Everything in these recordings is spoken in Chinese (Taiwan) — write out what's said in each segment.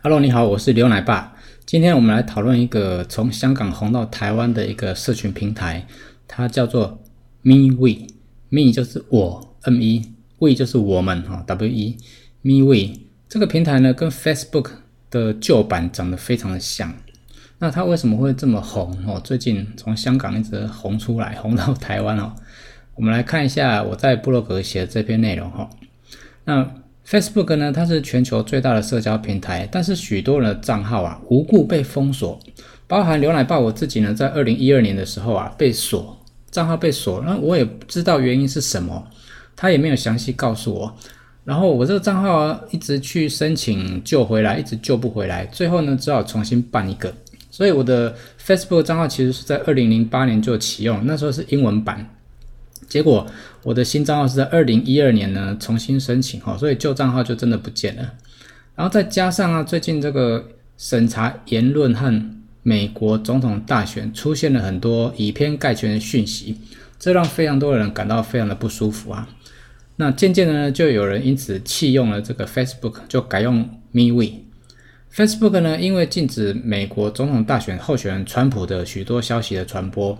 Hello，你好，我是劉奶爸。今天我們來討論一個從香港紅到台灣的一個社群平台，它叫做 MeWe。Me 就是我，M E；We 就是我們，哈，W E。MeWe 這個平台呢，跟 Facebook 的舊版長得非常的像。那它為什麼會這麼紅？哦，最近從香港一直紅出來，紅到台灣哦。我們來看一下我在部落格寫的這篇內容哈。那 Facebook 呢，它是全球最大的社交平台，但是許多人的賬號啊無故被封鎖，包含劉奶爸我自己呢，在二零一二年的時候啊被鎖，賬號被鎖，那我也不知道原因是什麼，他也沒有詳細告訴我，然後我這個賬號啊一直去申請救回來，一直救不回來，最後呢只好重新辦一個，所以我的 Facebook 賬號其實是在二零零八年就啟用，那時候是英文版。結果，我的新賬號是在二零一二年呢重新申請，哈，所以舊賬號就真的不見了。然後再加上啊，最近這個審查言論和美國總統大選出現了很多以偏概全的訊息，這讓非常多人感到非常的不舒服啊。那漸漸的呢，就有人因此棄用了這個 Facebook，就改用 MeWe。Facebook 呢，因為禁止美國總統大選候選人川普的許多消息的傳播。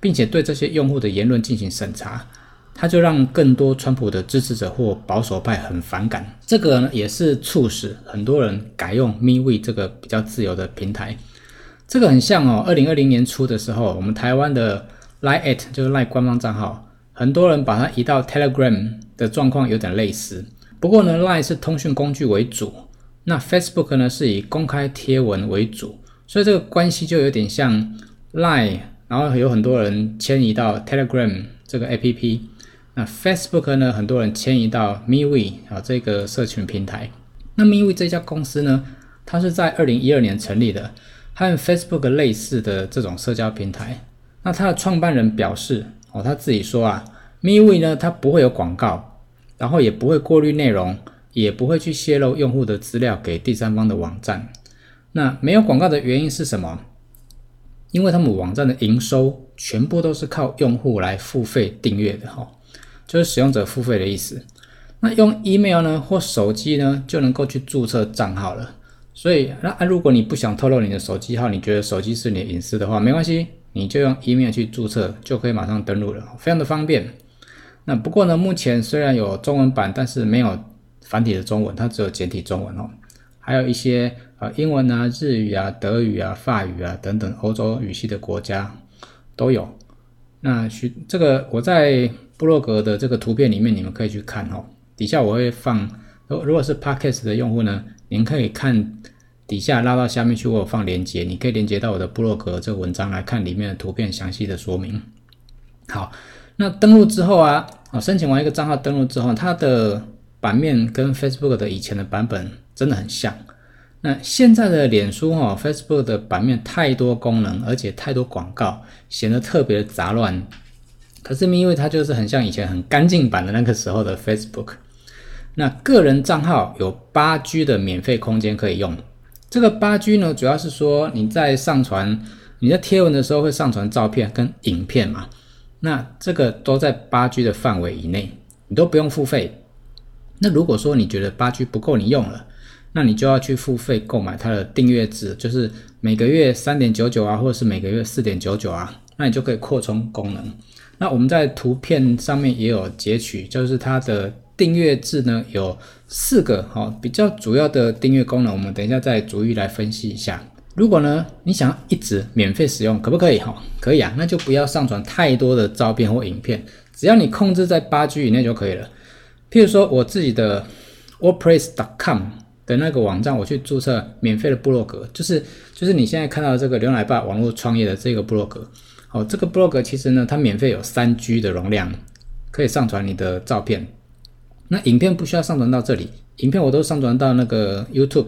並且對這些用戶的言論進行審查，它就讓更多川普的支持者或保守派很反感。這個呢也是促使很多人改用 MeWe 這個比較自由的平台。這個很像哦，二零二零年初的時候，我們台灣的 Line@ 就是 Line 官方賬號，很多人把它移到 Telegram 的狀況有點類似。不過呢，Line 是通訊工具為主，那 Facebook 呢是以公開貼文為主，所以這個關係就有點像 Line。然後有很多人遷移到 Telegram 這個 APP，那 Facebook 呢，很多人遷移到 MeWe 啊這個社群平台。那 MeWe 這家公司呢，它是在二零一二年成立的，和 Facebook 類似的這種社交平台。那它的創辦人表示哦，他自己說啊 MeWe 呢它不會有廣告，然後也不會過濾內容，也不會去泄露用戶的資料給第三方的網站。那沒有廣告的原因是什麼？因為他們網站的營收全部都是靠用戶來付費訂閱的哈，就是使用者付費的意思。那用 email 呢或手機呢就能夠去註冊賬號了。所以那啊，如果你不想透露你的手機號，你覺得手機是你的隱私的話，沒關係，你就用 email 去註冊就可以馬上登錄了，非常的方便。那不過呢，目前雖然有中文版，但是沒有繁體的中文，它只有簡體中文哦，還有一些。啊，英文啊，日語啊，德語啊，法語啊等等，歐洲語系的國家都有。那去這個我在部落格的這個圖片裡面，你們可以去看哈、哦。底下我會放，如如果是 Podcast 的用戶呢，您可以看底下拉到下面去，我有放鏈接，你可以連接到我的部落格這個文章來看裡面的圖片詳細的說明。好，那登錄之後啊，啊，申請完一個賬號登錄之後，它的版面跟 Facebook 的以前的版本真的很像。那現在的臉書哈，Facebook 的版面太多功能，而且太多廣告，顯得特別的雜亂。可是因為它就是很像以前很乾淨版的那個時候的 Facebook，那個人賬號有八 G 的免費空間可以用。這個八 G 呢，主要是說你在上傳、你在貼文的時候會上傳照片跟影片嘛，那這個都在八 G 的範圍以內，你都不用付費。那如果說你覺得八 G 不夠你用了，那你就要去付費購買它的訂閱制，就是每個月三點九九啊，或者是每個月四點九九啊，那你就可以擴充功能。那我們在圖片上面也有截取，就是它的訂閱制呢有四個哈、哦，比較主要的訂閱功能，我們等一下再逐一來分析一下。如果呢你想要一直免費使用，可不可以哈、哦？可以啊，那就不要上傳太多的照片或影片，只要你控制在八 G 以內就可以了。譬如說我自己的 WordPress.com。的那個網站，我去註冊免費的部落格，就是就是你現在看到的這個劉奶爸網絡創業的這個部落格。好、哦，這個部落格其實呢，它免費有三 G 的容量，可以上傳你的照片。那影片不需要上傳到這裡，影片我都上傳到那個 YouTube，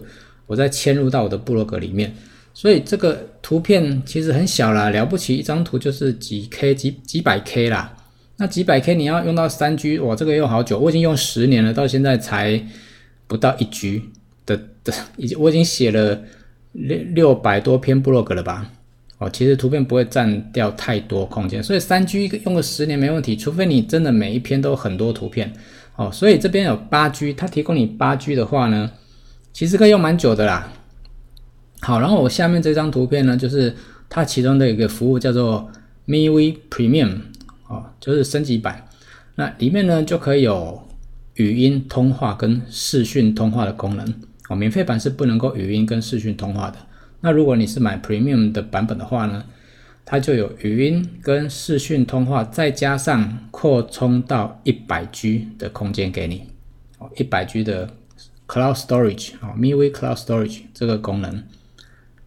我再嵌入到我的部落格裡面。所以這個圖片其實很小啦，了不起，一張圖就是幾 K 幾幾百 K 啦。那幾百 K 你要用到三 G，我這個用好久，我已經用十年了，到現在才不到一 G。的的已經我已經寫了六六百多篇 blog 了吧？哦，其實圖片不會佔掉太多空間，所以三 G 一個用個十年沒問題，除非你真的每一篇都很多圖片哦。所以這邊有八 G，它提供你八 G 的話呢，其實可以用蠻久的啦。好，然後我下面這張圖片呢，就是它其中的一個服務叫做 MeWe Premium 哦，就是升級版，那裡面呢就可以有語音通話跟視訊通話的功能。免費版是不能夠語音跟視訊通話的。那如果你是買 Premium 的版本的話呢，它就有語音跟視訊通話，再加上擴充到一百 G 的空間給你。哦，一百 G 的 Cloud Storage，啊、哦、MeWe Cloud Storage 這個功能。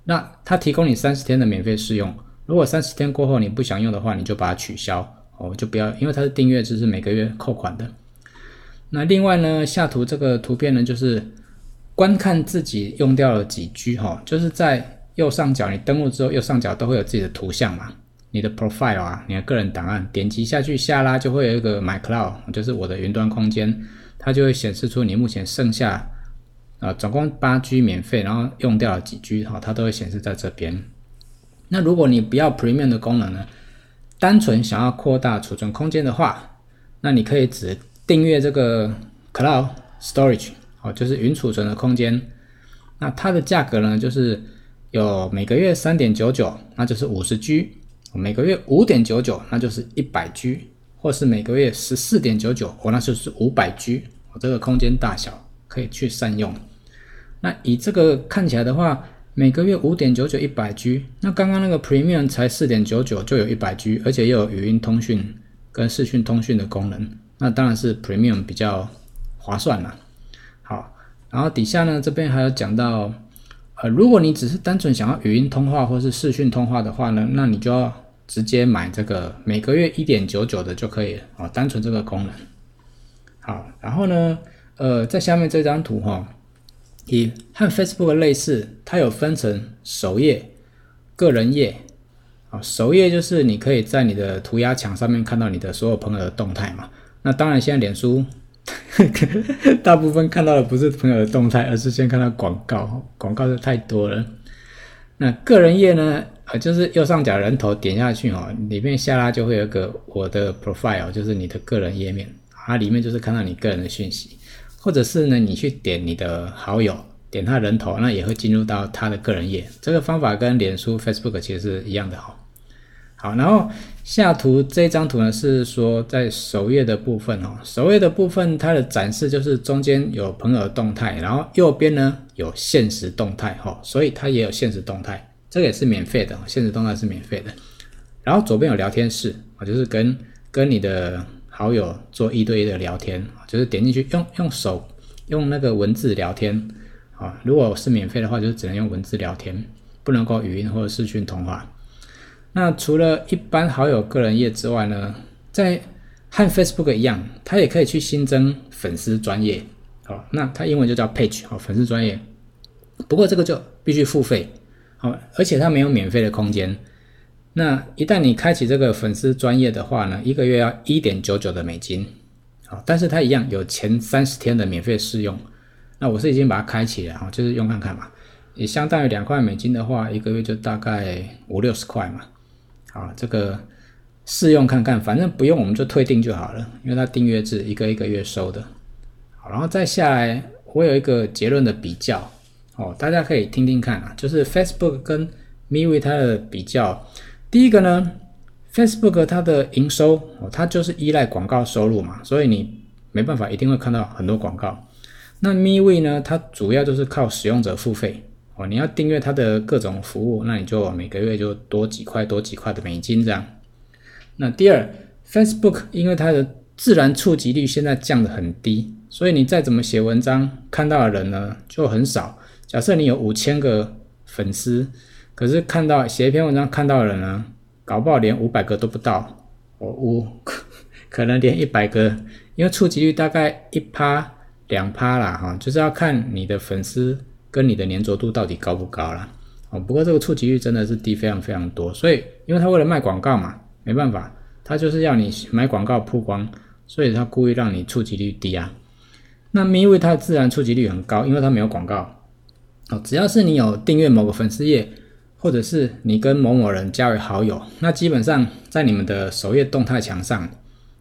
那它提供你三十天的免費試用。如果三十天過後你不想用的話，你就把它取消哦，就不要，因為它是訂閱制，就是每個月扣款的。那另外呢，下圖這個圖片呢就是。觀看自己用掉了幾 G 哈，就是在右上角，你登錄之後右上角都會有自己的圖像嘛，你的 profile 啊，你的個人檔案，點擊下去下拉就會有一個 My Cloud，就是我的雲端空間，它就會顯示出你目前剩下啊，呃，總共八 G 免費，然後用掉了幾 G 哈，它都會顯示在這邊。那如果你不要 Premium 的功能呢，單純想要擴大儲存空間的話，那你可以只訂閱這個 Cloud Storage。哦，就是雲儲存的空間，那它的價格呢？就是有每個月三點九九，那就是五十 G；每個月五點九九，那就是一百 G；或是每個月十四點九九，哦，那就是五百 G。我這個空間大小可以去善用。那以這個看起來的話，每個月五點九九一百 G，那剛剛那個 Premium 才四點九九就有一百 G，而且又有語音通訊跟視訊通訊的功能，那當然是 Premium 比較划算啦。然後底下呢，這邊還有講到，呃，如果你只是單純想要語音通話或是視訊通話的話呢，那你就要直接買這個每個月一點九九的就可以了啊、哦，單純這個功能。好，然後呢，呃，在下面這張圖哈、哦，也和 Facebook 類似，它有分成首頁、個人頁，啊、哦，首頁就是你可以在你的塗鴉牆上面看到你的所有朋友的動態嘛。那當然，現在臉書。 大部分看到的不是朋友的動態，而是先看到廣告，廣告是太多了。那個人頁呢，就是右上角人頭點下去哦，裡面下拉就會有個我的 profile，就是你的個人頁面。它裡面就是看到你個人的訊息。或者是呢，你去點你的好友，點他人頭，那也會進入到他的個人頁。這個方法跟臉書 Facebook 其實是一樣的哦。好，然後。下圖這張圖呢，是說在首頁的部分哦，首頁的部分它的展示就是中間有朋友動態，然後右邊呢有限時動態哈，所以它也有限時動態，這個也是免費的，限時動態是免費的。然後左邊有聊天室啊，就是跟跟你的好友做一對一的聊天，就是點進去用用手用那個文字聊天啊，如果是免費的話，就是只能用文字聊天，不能夠語音或者視訊通話。那除了一般好友個人頁之外呢，在和 Facebook 一樣，它也可以去新增粉絲專頁，好，那它英文就叫 Page，好、哦，粉絲專頁。不過這個就必須付費，好、哦，而且它沒有免費的空間。那一旦你開啟這個粉絲專頁的話呢，一個月要一點九九的美金，好、哦，但是它一樣有前三十天的免費試用。那我是已經把它開啟了哦，就是用看看嘛，也相當於兩塊美金的話，一個月就大概五六十塊嘛。啊，這個試用看看，反正不用我們就退訂就好了，因為它訂閱制一個一個月收的。好，然後再下來，我有一個結論的比較哦，大家可以聽聽看啊，就是 Facebook 跟 MeWe 它的比較。第一個呢，Facebook 它的營收哦，它就是依賴廣告收入嘛，所以你沒辦法一定會看到很多廣告。那 MeWe 呢，它主要就是靠使用者付費。哦，你要訂閱它的各種服務，那你就每個月就多幾塊多幾塊的美金這樣。那第二，Facebook 因為它的自然觸及率現在降得很低，所以你再怎麼寫文章，看到的人呢就很少。假設你有五千個粉絲，可是看到寫一篇文章看到的人呢，搞不好連五百個都不到，哦，嗚、哦、可能連一百個，因為觸及率大概一趴兩趴啦，哈、哦，就是要看你的粉絲。跟你的粘着度到底高不高啦？哦，不過這個觸及率真的是低，非常非常多。所以，因為他為了賣廣告嘛，沒辦法，他就是要你買廣告曝光，所以他故意讓你觸及率低啊。那 MeWe 它自然觸及率很高，因為它沒有廣告哦。只要是你有訂閱某個粉絲頁，或者是你跟某某人加為好友，那基本上在你們的首頁動態牆上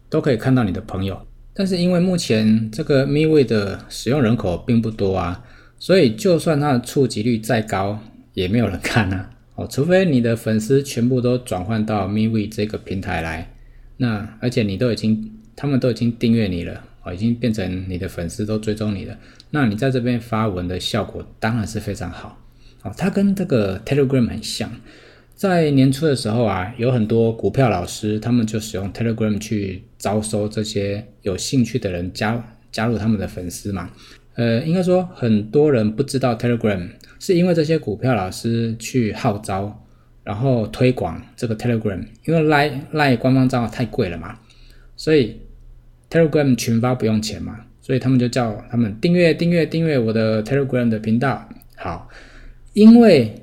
都可以看到你的朋友。但是因為目前這個 MeWe 的使用人口並不多啊。所以，就算它的觸及率再高，也沒有人看啊。哦，除非你的粉絲全部都轉換到 MeWe 這個平台來，那而且你都已經，他們都已經訂閱你了，哦，已經變成你的粉絲都追蹤你了。那你在這邊發文的效果當然是非常好。哦，它跟這個 Telegram 很像，在年初的時候啊，有很多股票老師他們就使用 Telegram 去招收這些有興趣的人加加入他們的粉絲嘛。呃，應該說很多人不知道 Telegram，是因為這些股票老師去號召，然後推廣這個 Telegram，因為 Line Line 官方賬號太貴了嘛，所以 Telegram 群發不用錢嘛，所以他們就叫他們訂閱訂閱訂閱我的 Telegram 的頻道，好，因為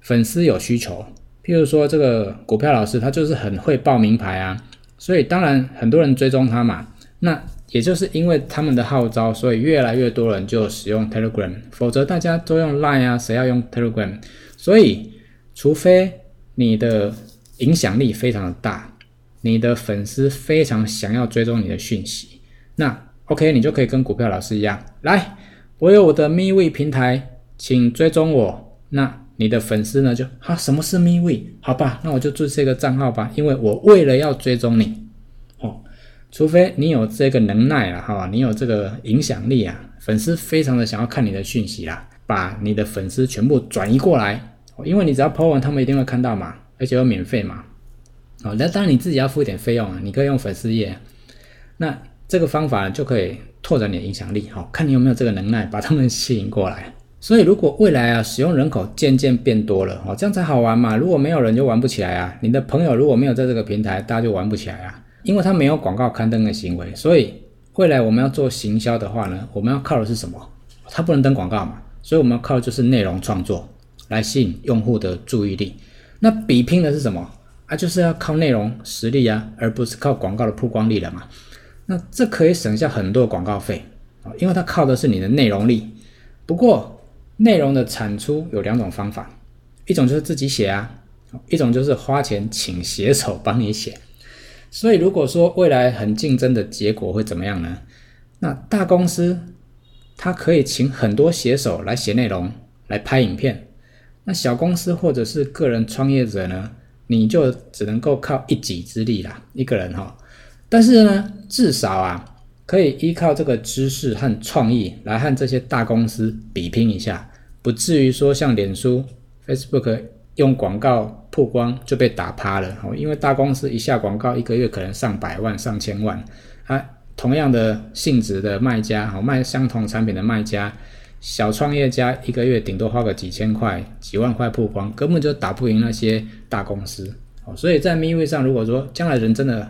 粉絲有需求，譬如說這個股票老師他就是很會報名牌啊，所以當然很多人追蹤他嘛，那。也就是因為他們的號召，所以越來越多人就使用 Telegram，否則大家都用 Line 啊，誰要用 Telegram？所以，除非你的影響力非常的大，你的粉絲非常想要追蹤你的訊息，那 OK，你就可以跟股票老師一樣，來，我有我的 MeWe 平台，請追蹤我。那你的粉絲呢就，就、啊、哈，什麼是 MeWe？好吧，那我就註冊一個賬號吧，因為我為了要追蹤你。除非你有這個能耐了、啊、哈，你有這個影響力啊，粉絲非常的想要看你的訊息啦、啊，把你的粉絲全部轉移過來，因為你只要 PO 完，他們一定會看到嘛，而且又免費嘛，哦、啊，那當然你自己要付一點費用啊，你可以用粉絲頁，那這個方法就可以拓展你的影響力，哦，看你有沒有這個能耐把他們吸引過來。所以如果未來啊，使用人口漸漸變多了哦，這樣才好玩嘛，如果沒有人就玩不起來啊，你的朋友如果沒有在這個平台，大家就玩不起來啊。因為它沒有廣告刊登的行為，所以未來我們要做行銷的話呢，我們要靠的是什麼？它不能登廣告嘛，所以我們要靠的就是內容創作來吸引用戶的注意力。那比拼的是什麼啊？就是要靠內容實力啊，而不是靠廣告的曝光力了嘛。那這可以省下很多廣告費啊，因為它靠的是你的內容力。不過內容的產出有兩種方法，一種就是自己寫啊，一種就是花錢請寫手幫你寫。所以，如果說未來很競爭的結果會怎麼樣呢？那大公司它可以請很多寫手來寫內容，來拍影片。那小公司或者是個人創業者呢，你就只能夠靠一己之力啦，一個人哈、哦。但是呢，至少啊，可以依靠這個知識和創意來和這些大公司比拼一下，不至於說像臉書、Facebook 用廣告。曝光就被打趴了哦，因為大公司一下廣告一個月可能上百萬、上千萬，啊，同樣的性質的賣家，哦，賣相同產品的賣家，小創業家一個月頂多花個幾千塊、幾萬塊曝光，根本就打不贏那些大公司哦。所以在 MeWe 上，如果說將來人真的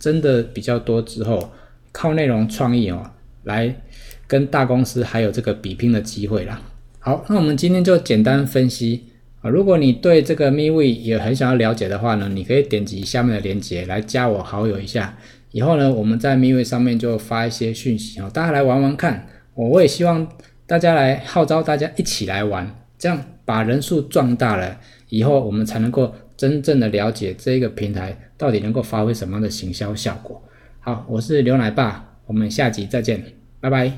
真的比較多之後，靠內容創意哦來跟大公司還有這個比拼的機會啦。好，那我們今天就簡單分析。如果你對這個 MeWe 也很想要了解的話呢，你可以點擊下面的鏈接來加我好友一下。以後呢，我們在 MeWe 上面就發一些訊息哦，大家來玩玩看。我我也希望大家來號召大家一起來玩，這樣把人數壯大了以後，我們才能夠真正的了解這個平台到底能夠發揮什麼樣的行銷效果。好，我是劉奶爸，我們下集再見，拜拜。